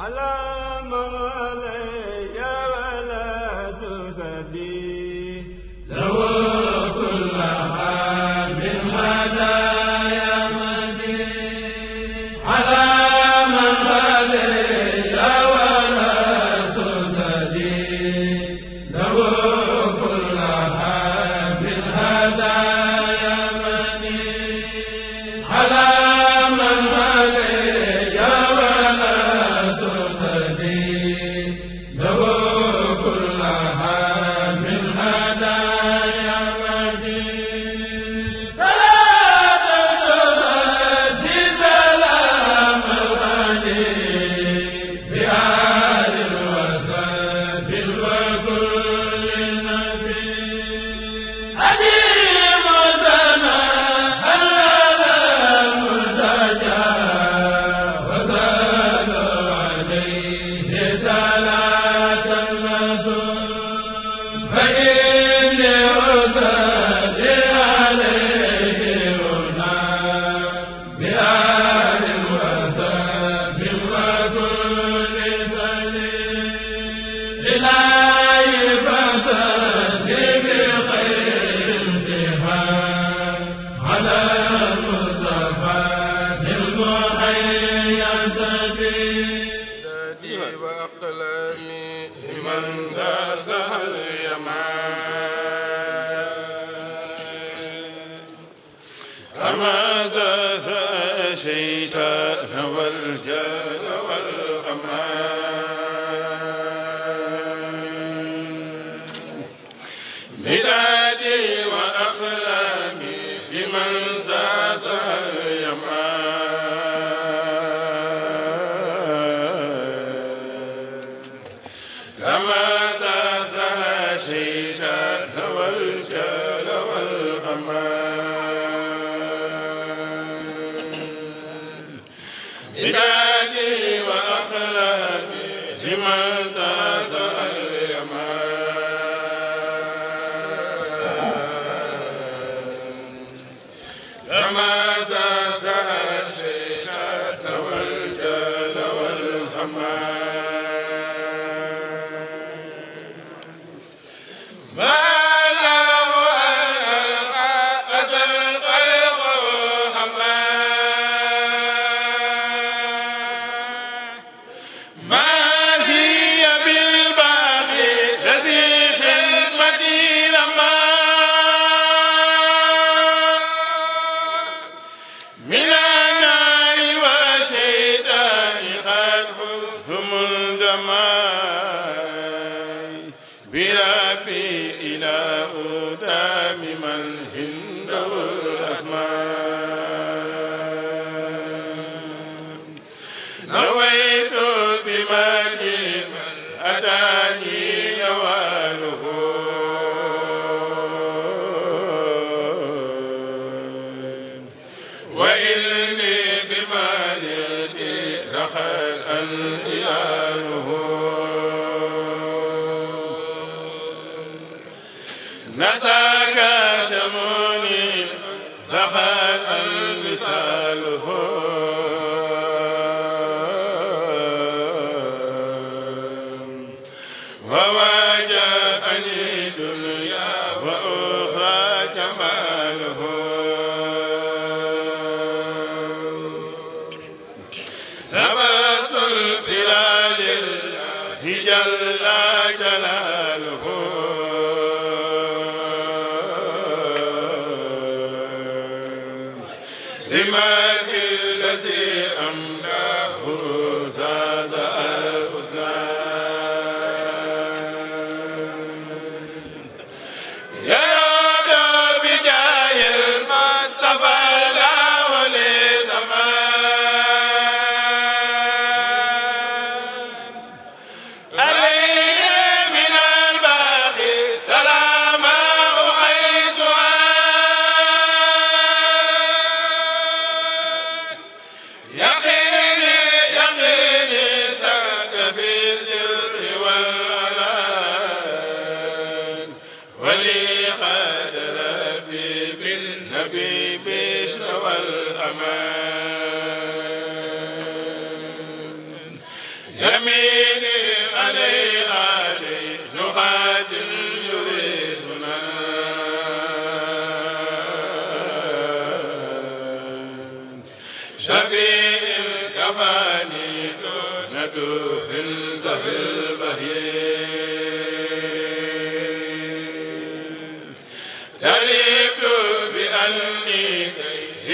على ما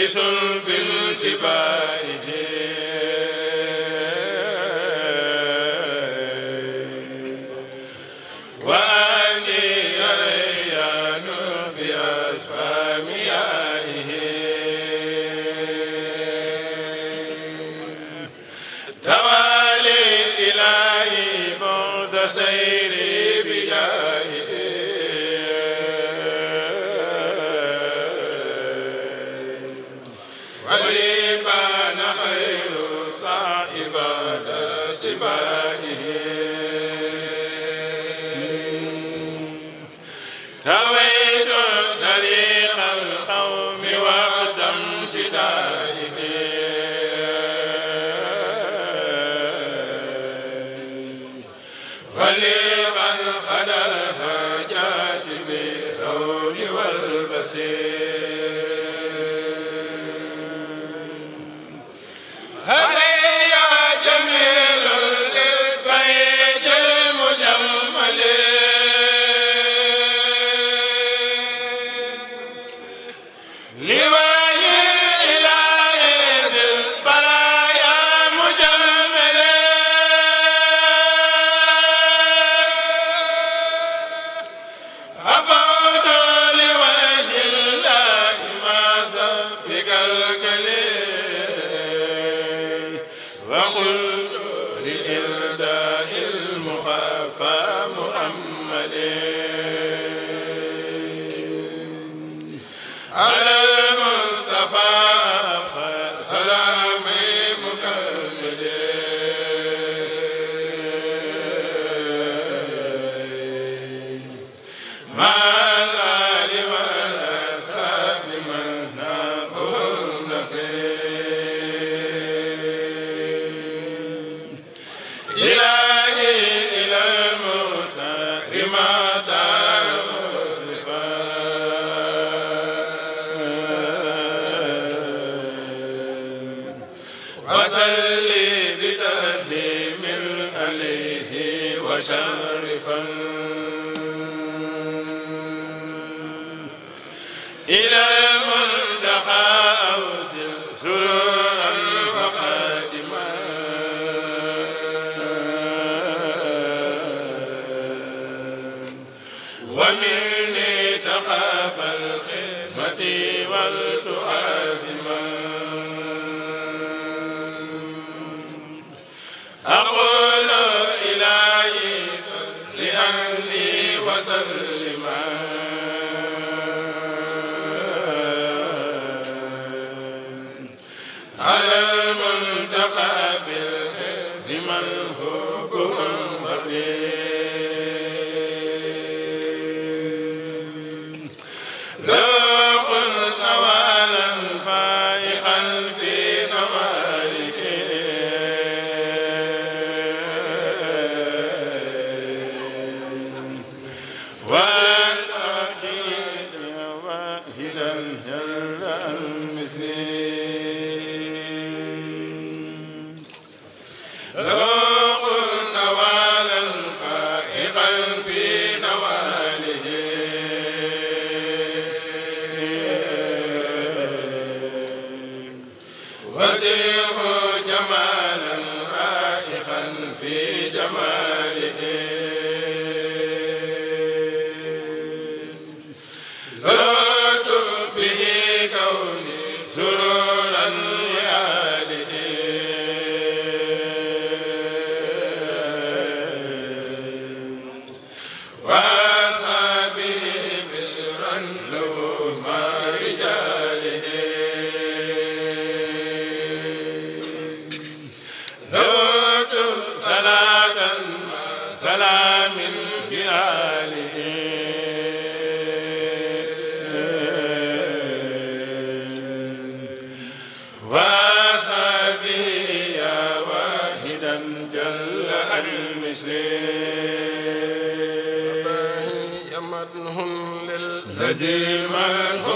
بسلب انتباهه ومن لتخاف الخدمة والتؤاخي زي من هو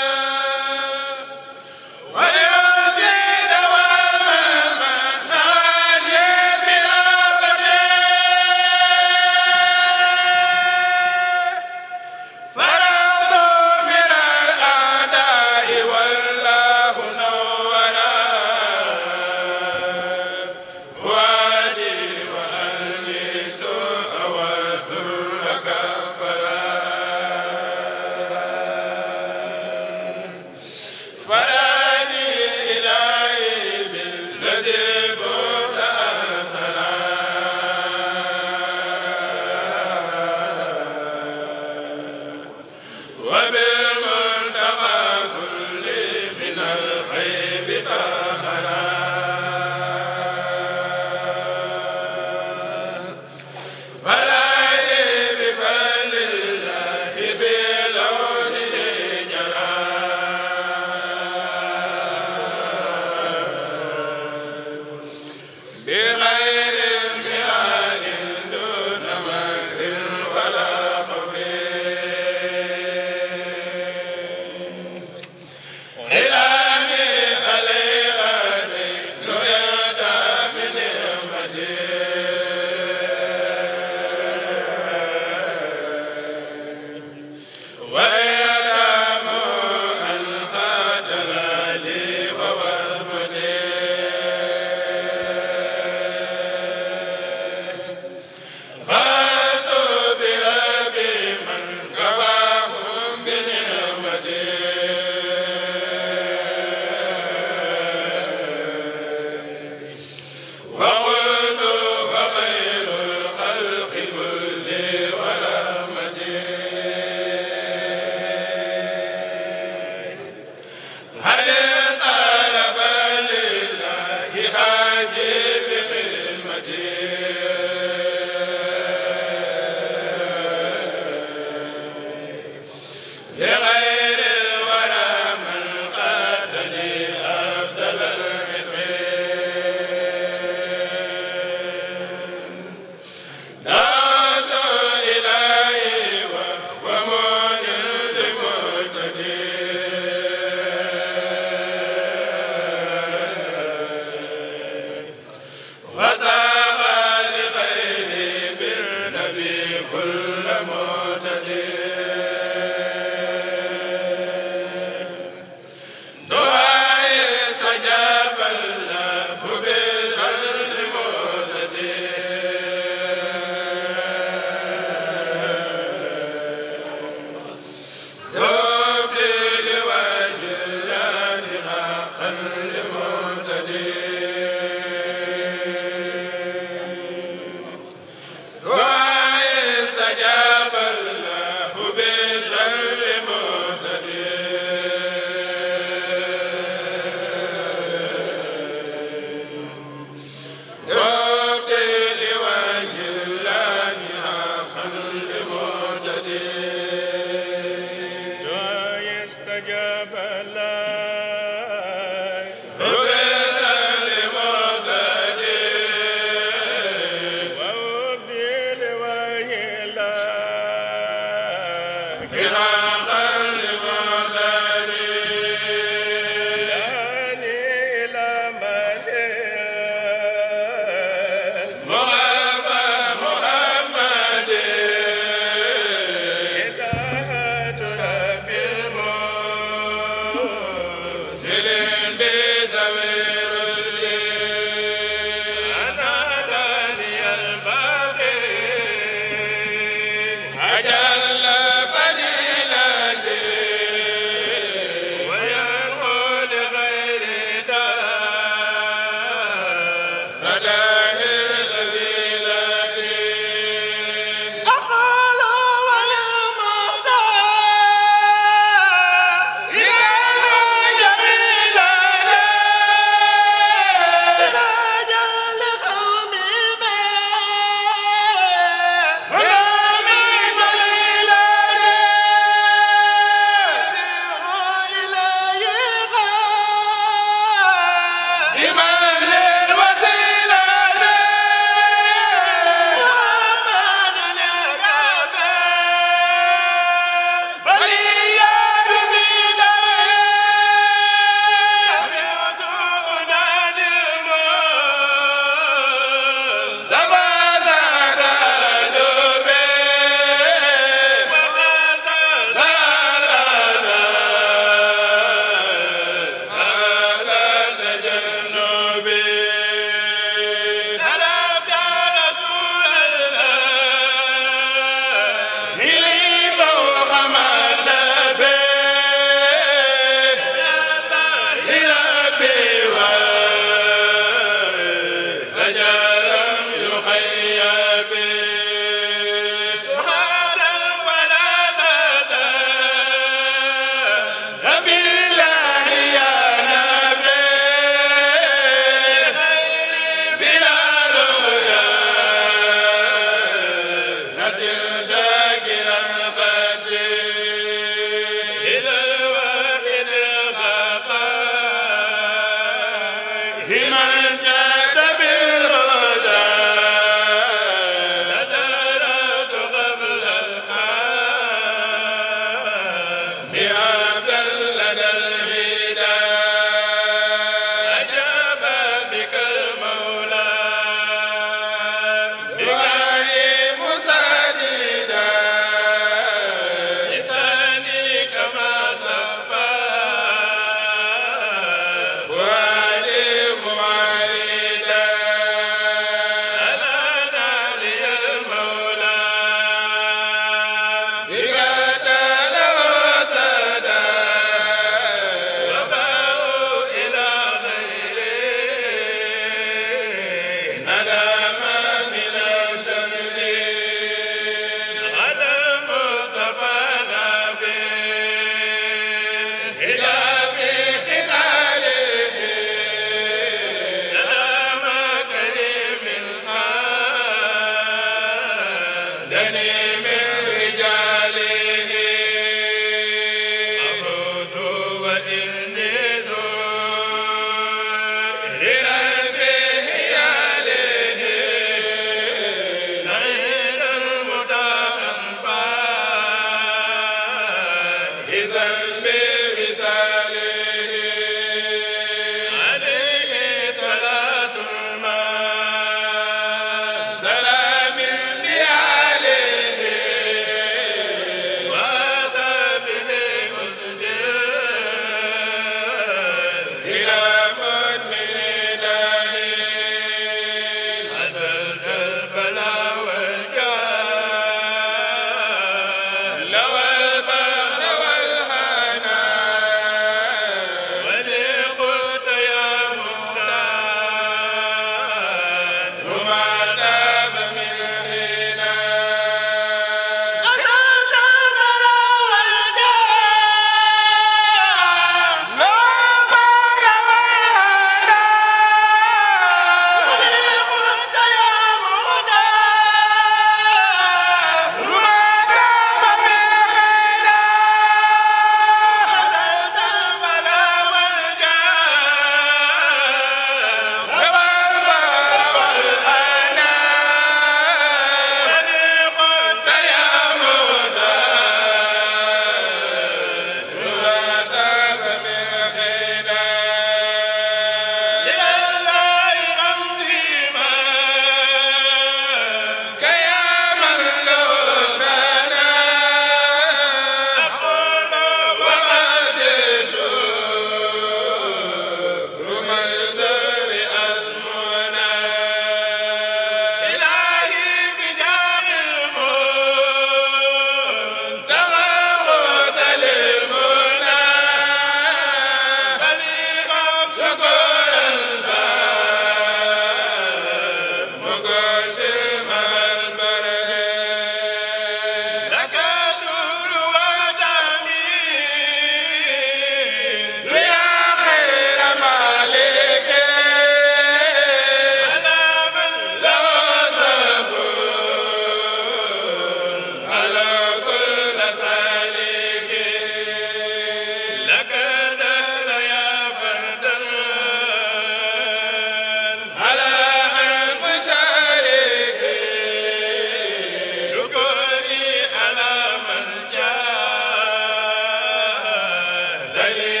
la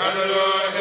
allo